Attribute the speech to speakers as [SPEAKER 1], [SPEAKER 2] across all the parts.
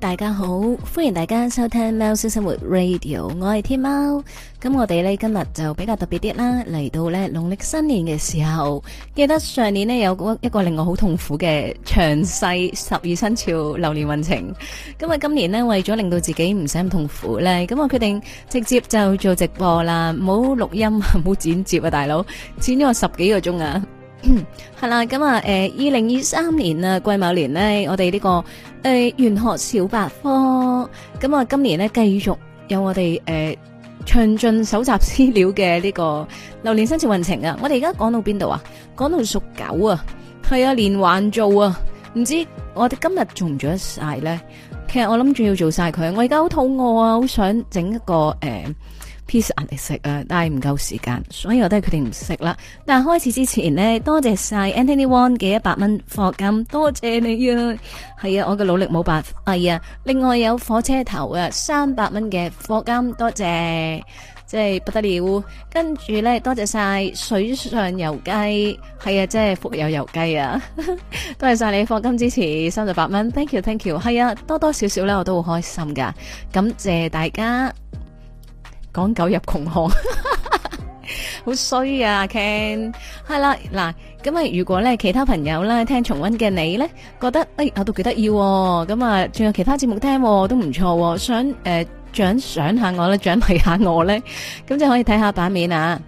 [SPEAKER 1] 大家好，歡迎大家收聽喵式生活 Radio，我係天貓。咁我哋呢今日就比較特別啲啦，嚟到呢，農曆新年嘅時候，記得上年呢有一個令我好痛苦嘅詳細十二生肖流年運程。咁啊，今年呢，為咗令到自己唔使咁痛苦呢，咁我決定直接就做直播啦，唔好錄音唔好剪接啊，大佬剪咗我十幾個鐘啊！係、嗯、啦，咁啊，誒，二零二三年啊，癸卯年咧，我哋呢、這個誒、呃《玄學小百科》，咁啊，今年咧繼續有我哋誒詳盡搜集資料嘅呢個流年生肖運程啊。我哋而家講到邊度啊？講到屬狗啊，係啊，連環做啊，唔知我哋今日做唔做得晒咧？其實我諗住要做晒佢，我而家好肚餓啊，好想整一個誒。呃 Pizza 嚟食啊，但係唔夠時間，所以我都係決定唔食啦。但係開始之前呢，多謝晒 Anthony Wong 嘅一百蚊課金，多謝你啊！係啊，我嘅努力冇辦法。哎呀，另外有火車頭啊，三百蚊嘅課金，多謝，即係不得了。跟住呢，多謝晒水上游雞，係啊，即係福有游雞啊！ 多謝晒你課金支持三十八蚊，Thank you，Thank you，係 thank you 啊，多多少少呢，我都好開心噶。感謝大家。講狗入窮巷、 啊，好衰啊！Ken 係啦，嗱，咁啊，如果咧其他朋友呢，聽重温嘅你咧，覺得哎，我都幾得意，咁啊，仲有其他節目聽，哦，都唔錯，哦，想誒獎賞下我啦，獎勵下我咧，咁就可以睇下版面啊，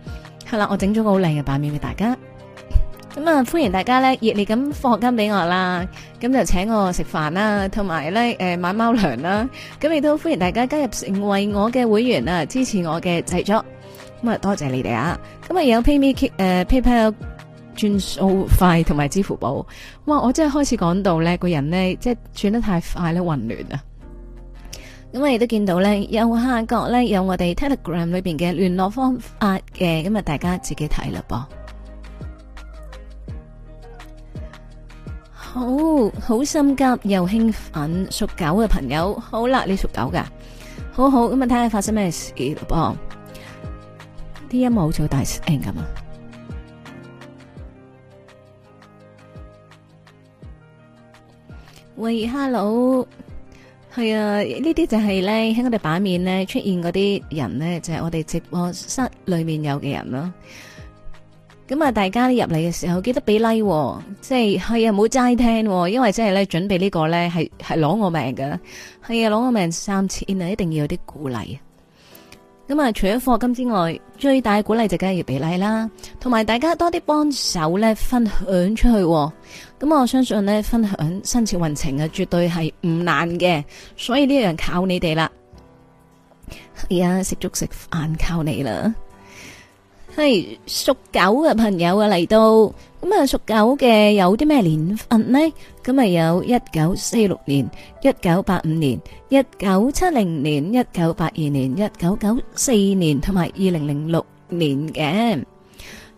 [SPEAKER 1] 係啦，我整咗個好靚嘅版面俾大家。咁啊，歡迎大家咧熱烈咁放學金俾我啦，咁就請我食飯啦，同埋咧誒買貓糧啦，咁亦都歡迎大家加入成為我嘅會員啊，支持我嘅製作，咁啊多謝你哋啊，咁啊有 PayMe 誒、uh, PayPal 轉數快同埋支付寶，哇！我真係開始講到咧，個人咧即係轉得太快呢，混亂啊，咁我亦都見到咧右下角咧有我哋 Telegram 裏邊嘅聯絡方法嘅，咁啊大家自己睇啦噃。好、哦、好心急又興奮，屬狗嘅朋友，好啦，你屬狗噶，好好咁啊，睇下發生咩事咯噃。啲、哦、音樂好似好大聲咁啊！喂，喂，hello，係啊，呢啲就係咧喺我哋版面咧出現嗰啲人咧，就係、是、我哋直播室裏面有嘅人咯。咁啊，大家入嚟嘅時候記得俾 like，、哦、即係係啊，唔好齋聽、哦，因為即係咧準備呢個咧係係攞我命噶，係啊攞我命三千啊，一定要有啲鼓勵。咁啊，除咗課金之外，最大鼓勵就梗係要俾 l、like、啦，同埋大家多啲幫手咧分享出去、哦。咁我相信咧分享生肖運程啊，絕對係唔難嘅，所以呢樣靠你哋啦，而、哎、家食粥食飯靠你啦。係屬狗嘅朋友啊，嚟到咁啊，屬狗嘅有啲咩年份呢？咁啊，有一九四六年、一九八五年、一九七零年、一九八二年、一九九四年同埋二零零六年嘅。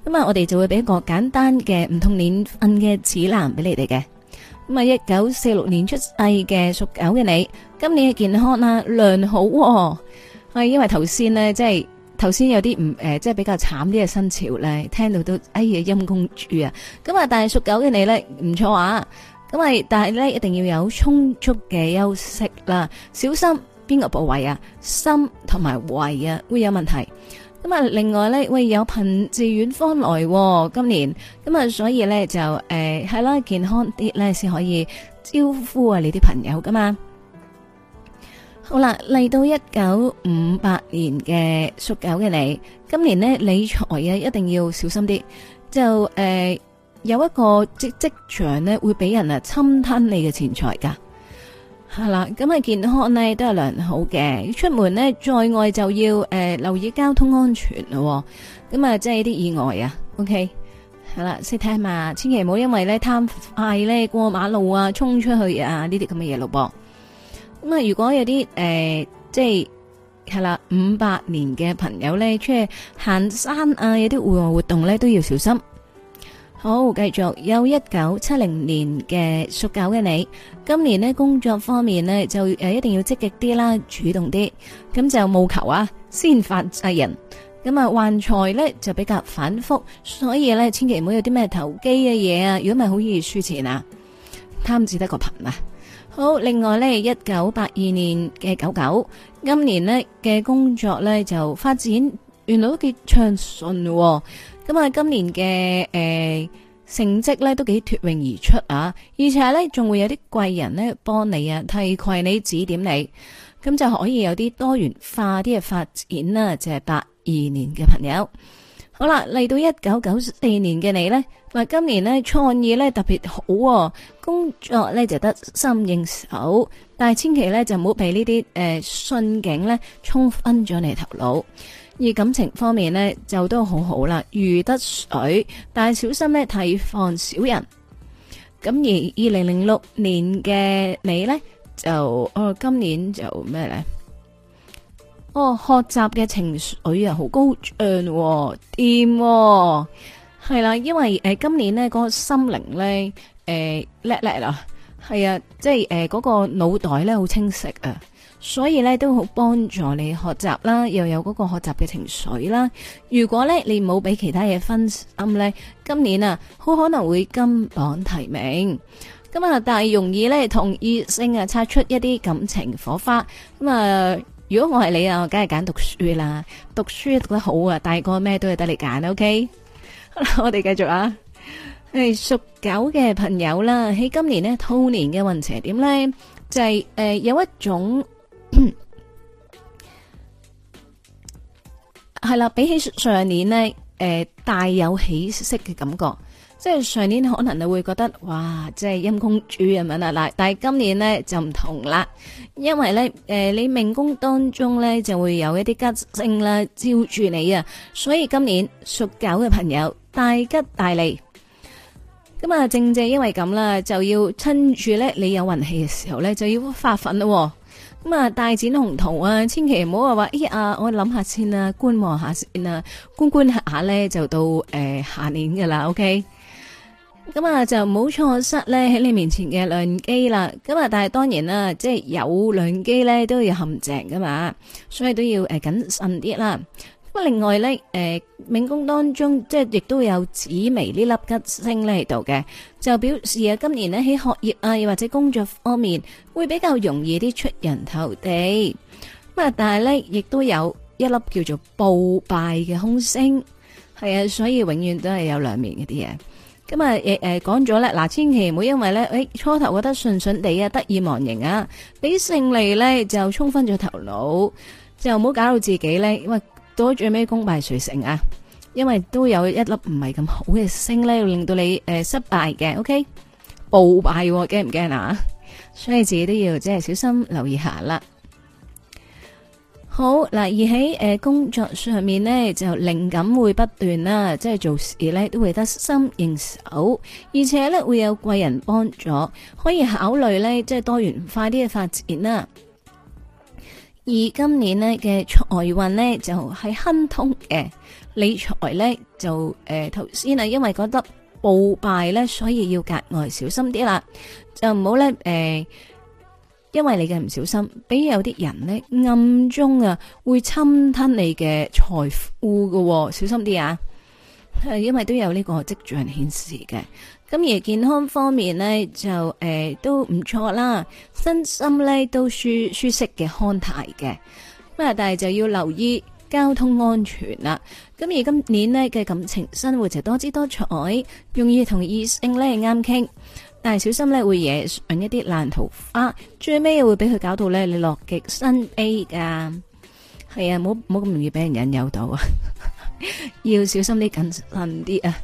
[SPEAKER 1] 咁啊，我哋就會俾一個簡單嘅唔同年份嘅指南俾你哋嘅。咁啊，一九四六年出世嘅屬狗嘅你，今年嘅健康啊，良好。係因為頭先呢，即係。頭先有啲唔誒，即係比較慘啲嘅生肖咧，聽到都哎呀陰功豬啊！咁啊，但係屬狗嘅你咧唔錯啊，咁啊但係咧一定要有充足嘅休息啦，小心邊個部位啊，心同埋胃啊會有問題。咁啊，另外咧會有朋自遠方來，啊，今年咁啊，所以咧就誒係、呃、啦，健康啲咧先可以招呼啊你啲朋友噶嘛。好啦，嚟到一九五八年嘅屬狗嘅你，今年咧理財啊一定要小心啲。就誒有一個職職場咧會俾人啊侵吞你嘅錢財噶，係啦。咁啊健康咧都係良好嘅，出門咧在外就要誒留意交通安全咯。咁啊即係啲意外啊。OK，係啦，識聽嘛，千祈唔好因為咧貪快咧過馬路啊，衝出去啊呢啲咁嘅嘢咯噃。咁啊，如果有啲誒、呃，即係係啦，五八年嘅朋友咧，出去行山啊，有啲戶外活動咧，都要小心。好，繼續有一九七零年嘅屬狗嘅你，今年呢，工作方面呢，就誒一定要積極啲啦，主動啲。咁就務求啊，先發制人。咁啊，橫財咧就比較反覆，所以咧千祈唔好有啲咩投機嘅嘢啊，如果咪好易輸錢啊，貪字得個貧啊。好，另外呢，一九八二年嘅狗狗，今年呢嘅工作呢就發展原來都幾暢順，咁、嗯、啊，今年嘅誒、呃、成績呢都幾脫穎而出啊，而且呢仲會有啲貴人呢幫你啊，替貴你指點你，咁就可以有啲多元化啲嘅發展啦、啊，就係八二年嘅朋友。好啦，嚟到一九九四年嘅你呢，話今年呢，創意呢特別好，哦，工作呢就得心應手，但係千祈呢，就唔好俾呢啲誒順境呢沖昏咗你頭腦。而感情方面呢，就都好好啦，如得水，但係小心呢，提防小人。咁而二零零六年嘅你呢，就，哦，今年就咩呢？哦，學習嘅情緒啊、哦，好高漲，掂係啦。因為誒、呃，今年呢嗰、那個心靈呢誒叻叻啦，係、呃、啊，即係誒嗰個腦袋呢好清晰啊，所以呢都好幫助你學習啦，又有嗰個學習嘅情緒啦。如果呢你冇俾其他嘢分心呢，今年啊好可能會金榜題名。咁、嗯、啊，但係容易呢，同異性啊擦出一啲感情火花。咁、嗯、啊。嗯如果我係你啊，我梗係揀讀書啦，讀書讀得好啊，大個咩都有得你揀，OK。好啦，我哋繼續啊。誒，屬狗嘅朋友啦，喺今年咧兔年嘅運程點咧，就係誒有一種係啦，比起上年咧，誒帶有喜色嘅感覺。即係上年可能你會覺得哇，即係陰功豬啊，咪啦但係今年呢，就唔同啦，因為呢，誒、呃、你命宮當中呢，就會有一啲吉星啦照住你啊，所以今年屬狗嘅朋友大吉大利。咁啊正正因為咁啦，就要趁住呢，你有運氣嘅時候呢，就要發奮咯、哦。咁啊大展宏圖啊，千祈唔好話話，咦、哎、啊我諗下先啊，觀望一下先啊，觀觀一下呢觀一下呢，就到誒、呃、下年噶啦，OK。咁啊，就唔好錯失咧喺你面前嘅良機啦。咁啊，但係當然啦，即係有良機咧，都要陷阱噶嘛，所以都要誒謹慎啲啦。咁啊，另外咧，誒、呃，命宮當中即係亦都有紫微呢粒吉星咧喺度嘅，就表示啊，今年呢喺學業啊，又或者工作方面會比較容易啲出人頭地。咁啊，但係咧，亦都有一粒叫做暴敗嘅空星，係啊，所以永遠都係有兩面嗰啲嘢。今日誒誒講咗咧，嗱千祈唔好因為咧，誒、哎、初頭覺得順順地啊得意忘形啊，俾勝利咧就衝昏咗頭腦，就唔好搞到自己咧，因為到最尾功敗垂成啊，因為都有一粒唔係咁好嘅星咧，要令到你誒、呃、失敗嘅，O K. 暴敗驚唔驚啊？所以自己都要即係小心留意下啦。好嗱，而喺誒、呃、工作上面呢，就靈感會不斷啦，即係做事呢都會得心應手，而且呢會有貴人幫助，可以考慮呢，即係多元化啲嘅發展啦。而今年呢嘅財運呢，就係、是、亨通嘅，理財呢，就誒頭先啊，呃、因為覺得暴敗呢，所以要格外小心啲啦，就唔好呢。誒、呃。因為你嘅唔小心，畀有啲人呢暗中啊會侵吞你嘅財富嘅，哦，小心啲啊！因為都有呢個跡象顯示嘅。咁而健康方面呢，就誒、呃、都唔錯啦，身心呢都舒舒適嘅康泰嘅。咁啊，但係就要留意交通安全啦。咁而今年呢嘅感情生活就多姿多彩，容易同異性呢啱傾。但係小心咧，會惹上一啲爛桃花，啊、最尾會俾佢搞到咧，你落極生悲噶。係啊，冇冇咁容易俾人引誘到啊！要小心啲，謹慎啲啊！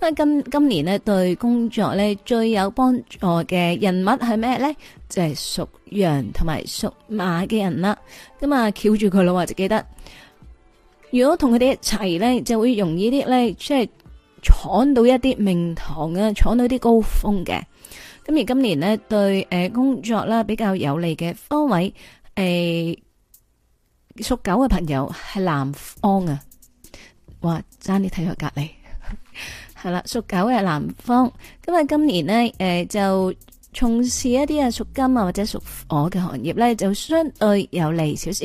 [SPEAKER 1] 咁今今年咧對工作咧最有幫助嘅人物係咩咧？就係、是、屬羊同埋屬馬嘅人啦。咁啊，翹住佢咯，就記得。如果同佢哋一齊咧，就會容易啲咧，即係。闖到一啲名堂啊，闖到啲高峰嘅。咁而今年呢，對誒工作啦比較有利嘅方位，誒、哎、屬狗嘅朋友係南方啊，哇差啲睇落隔離係啦，屬、 嗯、狗嘅南方。咁啊，今年呢，誒、哎、就從事一啲啊屬金啊或者屬火嘅行業咧，就相對有利少少。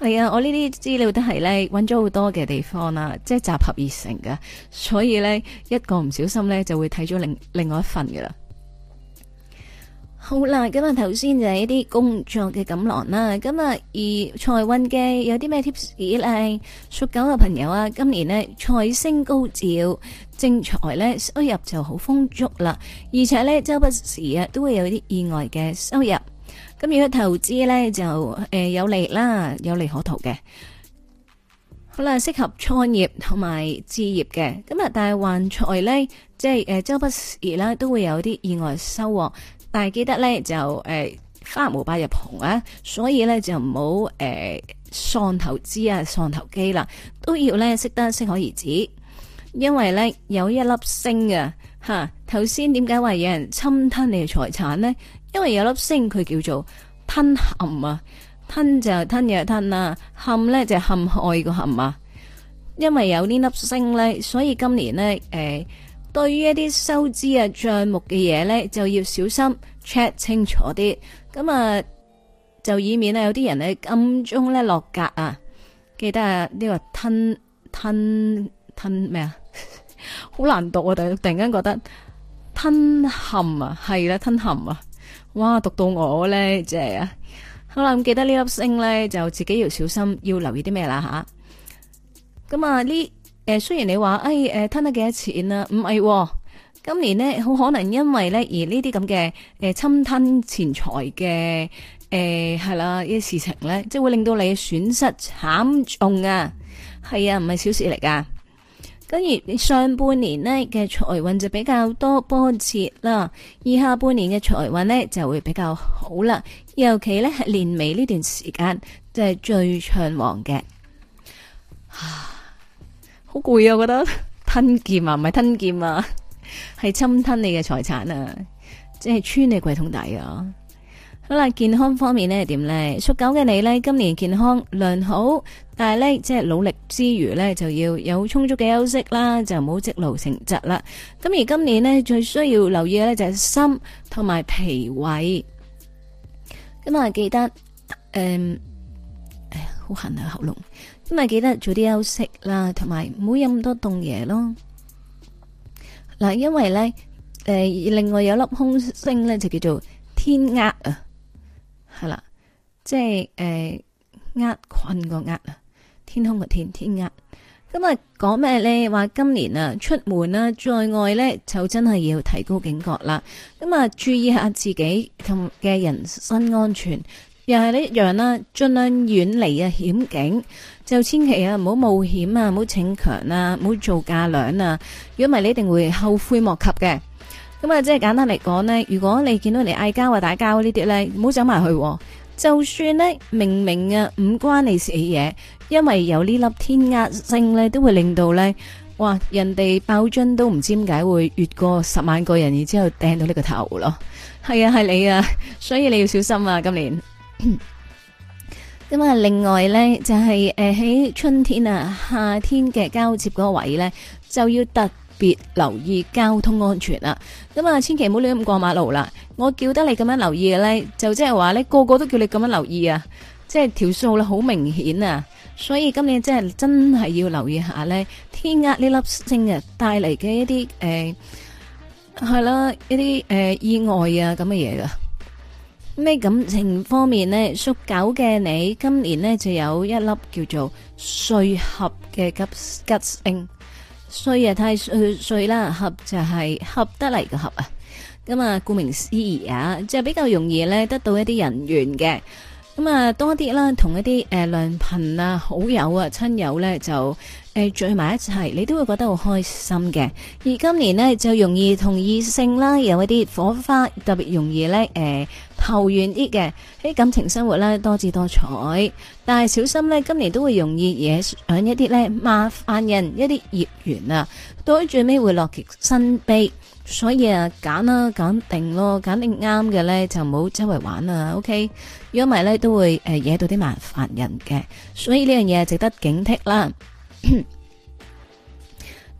[SPEAKER 1] 係啊，我呢啲資料都係呢，搵咗好多嘅地方啦，即係集合而成嘅，所以呢，一個唔小心呢，就會睇咗另另外一份噶啦。好啦，咁啊頭先就係一啲工作嘅錦囊啦，咁啊而財運嘅有啲咩 tips 呢？屬狗嘅朋友啊，今年呢，財星高照，正財呢，收入就好豐足啦，而且呢，周不時啊都會有啲意外嘅收入。咁如果投資咧就誒、呃、有利啦，有利可圖嘅。好啦，適合創業同埋置業嘅。咁啊，大運財咧，即係誒、呃、周不時啦，都會有啲意外收穫。但係記得咧就誒、呃、花無百日紅啊，所以咧就唔好誒喪投資啊，喪投機啦，都要咧識得適可而止。因為咧有一粒星㗎、啊。吓，頭先點解話有人侵吞你嘅財產呢？因為有粒星佢叫做吞陷啊，吞就吞嘢吞啊，陷咧就，吞就吞陷害個陷啊。因為有呢粒星咧，所以今年咧，誒、呃，對於一啲收支啊賬目嘅嘢咧，就要小心 check 清楚啲。咁啊，就以免啊有啲人咧暗中咧落格啊。記得啊呢個吞吞吞咩啊，好 難讀啊！突然間覺得吞陷啊，係啦吞陷啊。哇，讀到我咧，即係啊，好啦，咁記得呢粒星咧，就自己要小心，要留意啲咩啦吓。咁啊，呢誒、呃，雖然你話誒誒吞得幾多錢啦、啊，唔係、啊，今年呢，好可能因為咧而呢啲咁嘅誒侵吞錢財嘅誒係啦，呢、呃、啲、啊、事情咧，即係會令到你的損失慘重啊，係啊，唔係小事嚟噶。跟住上半年呢嘅財運就比較多波折啦，而下半年嘅財運呢就會比較好啦，尤其呢，係年尾呢段時間即係、就是、最暢旺嘅。啊，好攰啊！我覺得吞劍啊，唔係吞劍啊，係侵吞你嘅財產啊，即係穿你櫃桶底啊！好啦，健康方面呢點呢？屬狗嘅你呢，今年健康良好，但係呢，即係努力之餘呢，就要有充足嘅休息啦，就唔好積勞成疾啦。咁而今年呢，最需要留意嘅呢就係心同埋脾胃。咁啊，記得誒，哎呀好痕啊喉嚨，咁啊，記得早啲休息啦，同埋唔好飲咁多凍嘢咯。嗱，因為呢誒，另外有粒空星呢就叫做天厄啊。係啦，即係誒，厄困個厄啊，天空個天天厄。咁啊，講咩咧？話今年啊，出門啦、啊，在外咧，就真係要提高警覺啦。咁啊，注意下自己同嘅人身安全。又係一樣啦、啊，盡量遠離啊險境，就千祈啊唔好冒險啊，唔好逞強啊，唔好做嫁娘啊。如果唔係，你一定會後悔莫及嘅。咁啊，即係簡單嚟講咧，如果你見到你嗌交啊、打交呢啲咧，唔好走埋去。就算咧，明明啊唔關你事嘢，因為有呢粒天壓星咧，都會令到咧，哇，人哋爆樽都唔知點解會越過十萬個人，然之後掟到你個頭咯。係啊，係你啊，所以你要小心啊，今年。咁啊，另外咧就係誒喺春天啊、夏天嘅交接嗰位咧，就要突。特別留意交通安全啊！咁啊，千祈唔好亂咁過馬路啦。我叫得你咁樣留意咧，就即係話咧，個個都叫你咁樣留意啊！即係條數咧，好明顯啊！所以今年真係真係要留意下咧，天壓呢粒星啊帶嚟嘅一啲誒，係啦一啲誒意外啊咁嘅嘢噶。咩感情方面咧？屬狗嘅你今年咧就有一粒叫做歲合嘅吉吉星。衰啊，太歲啦，合就係合得嚟嘅合啊，咁啊，顧名思義啊，就係比較容易咧得到一啲人緣嘅，咁啊多啲啦，同一啲誒良朋啊好友啊親友咧就誒聚埋一齊，你都會覺得好開心嘅。而今年呢，就容易同異性啦有一啲火花，特別容易咧誒。呃投緣啲嘅喺感情生活咧多姿多彩，但係小心咧，今年都會容易惹上一啲咧麻煩人，一啲業緣啊，到最尾會樂極生悲。所以啊，揀啦，揀定咯，揀定啱嘅咧就唔好周圍玩啦。O K，如果唔係咧都會誒惹到啲麻煩人嘅，所以呢樣嘢值得警惕啦。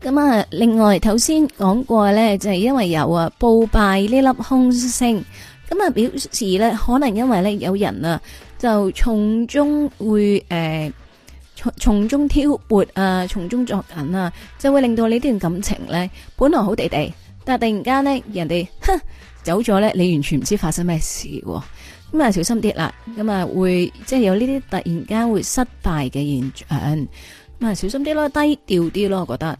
[SPEAKER 1] 咁啊，另外頭先講過咧，就係因為有啊報拜呢粒空星。咁啊表示咧，可能因為咧有人啊，就從中會誒從從中挑撥啊，從中作梗啊，就會令到你呢段感情咧本來好地地，但係突然間咧人哋哼走咗咧，你完全唔知發生咩事。咁啊小心啲啦，咁啊會即係有呢啲突然間會失敗嘅現象。咁啊小心啲咯，低調啲咯，我覺得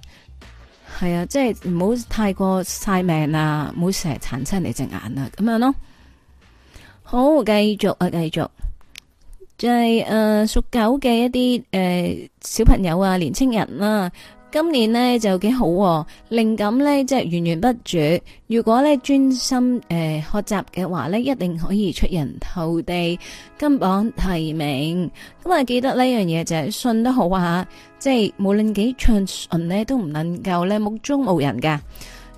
[SPEAKER 1] 係啊，即係唔好太過晒命啊，唔好成日鏟親人哋隻眼啊，咁樣咯。好，繼續啊，繼續，就係、是、誒，屬狗嘅一啲誒、呃、小朋友啊，年輕人啦，啊，今年呢就幾好，啊，靈感呢即係源源不絕。如果呢專心誒、呃、學習嘅話呢一定可以出人頭地，金榜題名。咁啊，記得呢樣嘢就係信得好啊，即係無論幾長順呢都唔能夠呢目中無人噶，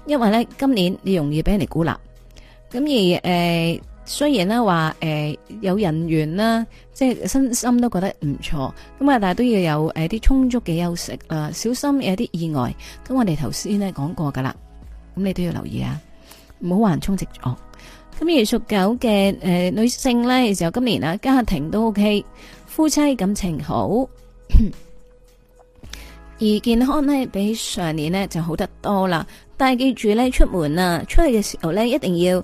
[SPEAKER 1] 因為呢今年你容易俾人哋孤立。咁而誒。呃雖然咧話誒有人緣，啦，即係身心都覺得唔錯，咁啊但係都要有誒啲充足嘅休息啦，小心有啲意外。咁我哋頭先咧講過噶啦，咁你都要留意啊，唔好橫衝直撞。咁而屬狗嘅、誒、呃、女性呢，就今年啊家庭都 OK，夫妻感情好， 而健康呢，比上年呢就好得多啦。但係記住呢，出門啊出去嘅時候呢，一定要。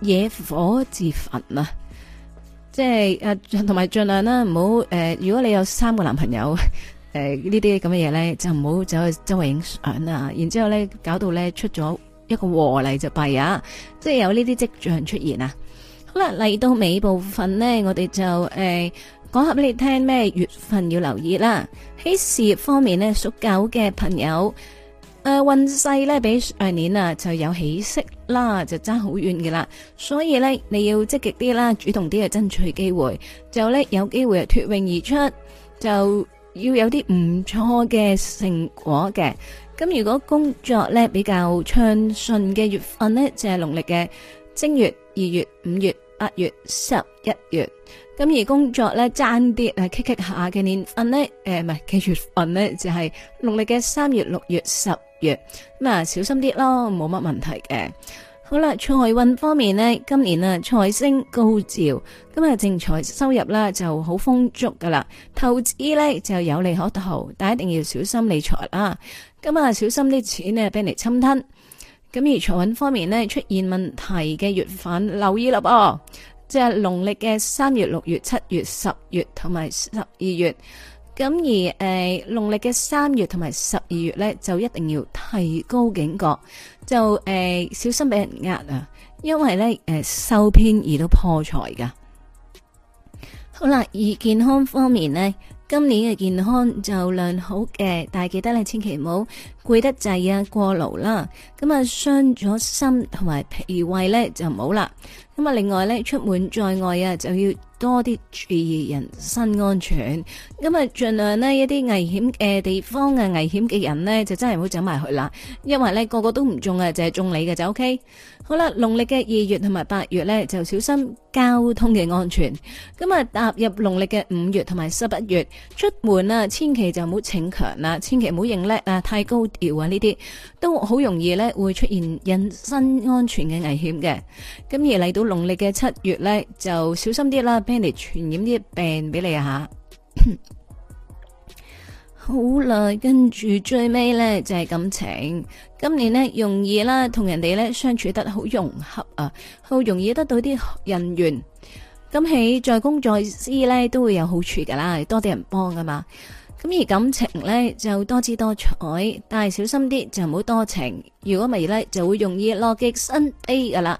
[SPEAKER 1] 惹火自焚啊！即係同埋盡量啦、啊，唔好誒。如果你有三個男朋友，誒、呃、呢啲咁嘅嘢咧，就唔好走去周圍影相啦。然之後咧，搞到咧出咗一個禍嚟就弊啊！即係有呢啲跡象出現啊！好啦，嚟到尾部分呢，我哋就誒講、呃、下俾你聽咩月份要留意啦。喺事業方面呢，屬狗嘅朋友。誒，運勢咧比上年啊，就有起色啦，就差好遠嘅啦。所以咧，你要積極啲啦，主動啲去爭取機會，就咧有機會啊脫穎而出，就要有啲唔錯嘅成果嘅。咁如果工作咧比較暢順嘅月份呢，就係農曆嘅正月、二月、五月、八月、十一月。咁而工作咧差啲啊，棘棘下嘅年份呢，誒唔係幾月份呢，就係農曆嘅三月、六月、十。咁啊，小心啲咯，冇乜問題嘅。好啦，財運方面呢，今年啊，財星高照，咁啊，正財收入啦就好豐足噶啦。投資呢，就有利可圖，但一定要小心理財啦咁啊、嗯，小心啲錢呢，俾人侵吞。咁而財運方面呢，出現問題嘅月份留意啦噃，即係農曆嘅三月、六月、七月、十月同埋十二月。咁而誒，農曆嘅三月同埋十二月咧，就一定要提高警覺，就誒、呃、小心俾人呃啊！因為咧誒受騙而都破財噶。好啦，而健康方面呢，今年嘅健康就良好嘅，但係記得咧，千祈唔好攰得滯啊，過勞啦，咁啊傷咗心同埋脾胃咧就唔好啦。咁啊，另外咧，出門在外啊，就要。多啲注意人身安全，咁啊盡量呢一啲危險嘅地方啊、危險嘅人呢，就真係唔好走埋去啦，因為呢個個都唔中啊，淨係中你嘅就 OK。好啦，農曆嘅二月同埋八月呢，就小心交通嘅安全。咁啊，踏入農曆嘅五月同埋十一月，出門啊，千祈就唔好逞強啦，千祈唔好認叻啊，太高調啊，呢啲都好容易呢，會出現人身安全嘅危險嘅。咁而嚟到農曆嘅七月呢，就小心啲啦，俾人哋傳染啲病俾你啊吓。 好嘞，跟住最尾呢就係、是、感情。今年呢，容易啦，同人哋呢相處得好融洽啊，好容易得到啲人緣。咁喺在公在私呢都會有好處噶啦，多啲人幫㗎嘛。咁而感情呢就多姿多彩，但係小心啲就唔好多情。如果未呢，就會容易落極身 a 噶啦。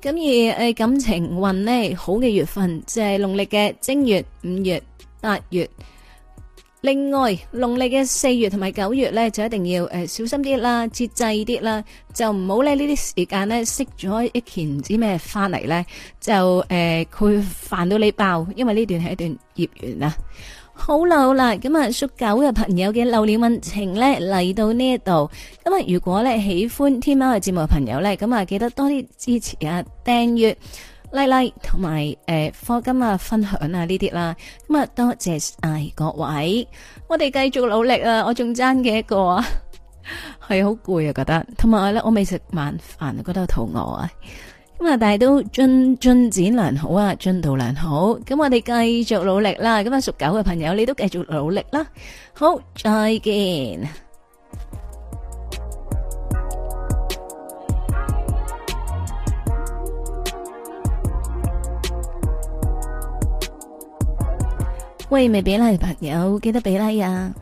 [SPEAKER 1] 咁而誒感情運呢，好嘅月份就係農曆嘅正月、五月、八月。另外，農曆嘅四月同埋九月呢，就一定要誒、呃、小心啲啦，節制啲啦，就唔好呢啲時間呢識咗一件子咩返嚟呢。就誒佢煩到你爆，因為呢段係一段孽緣啦。好啦好啦，咁啊屬狗嘅朋友嘅流年運程呢，嚟到呢一度，咁啊如果呢喜歡天貓嘅節目嘅朋友呢，咁啊記得多啲支持啊訂閱。訂閱麗麗同埋誒，課金啊，分享啊呢啲啦，咁啊多謝晒各位，我哋繼續努力啊，我仲爭幾多個？係好攰啊，覺得，同埋咧我未食晚飯，覺得肚餓啊，咁啊但係都進進展良好啊，進度良好，咁我哋繼續努力啦，咁啊屬狗嘅朋友你都繼續努力啦，好，再見。喂，未俾 like 朋友，記得俾 like 啊！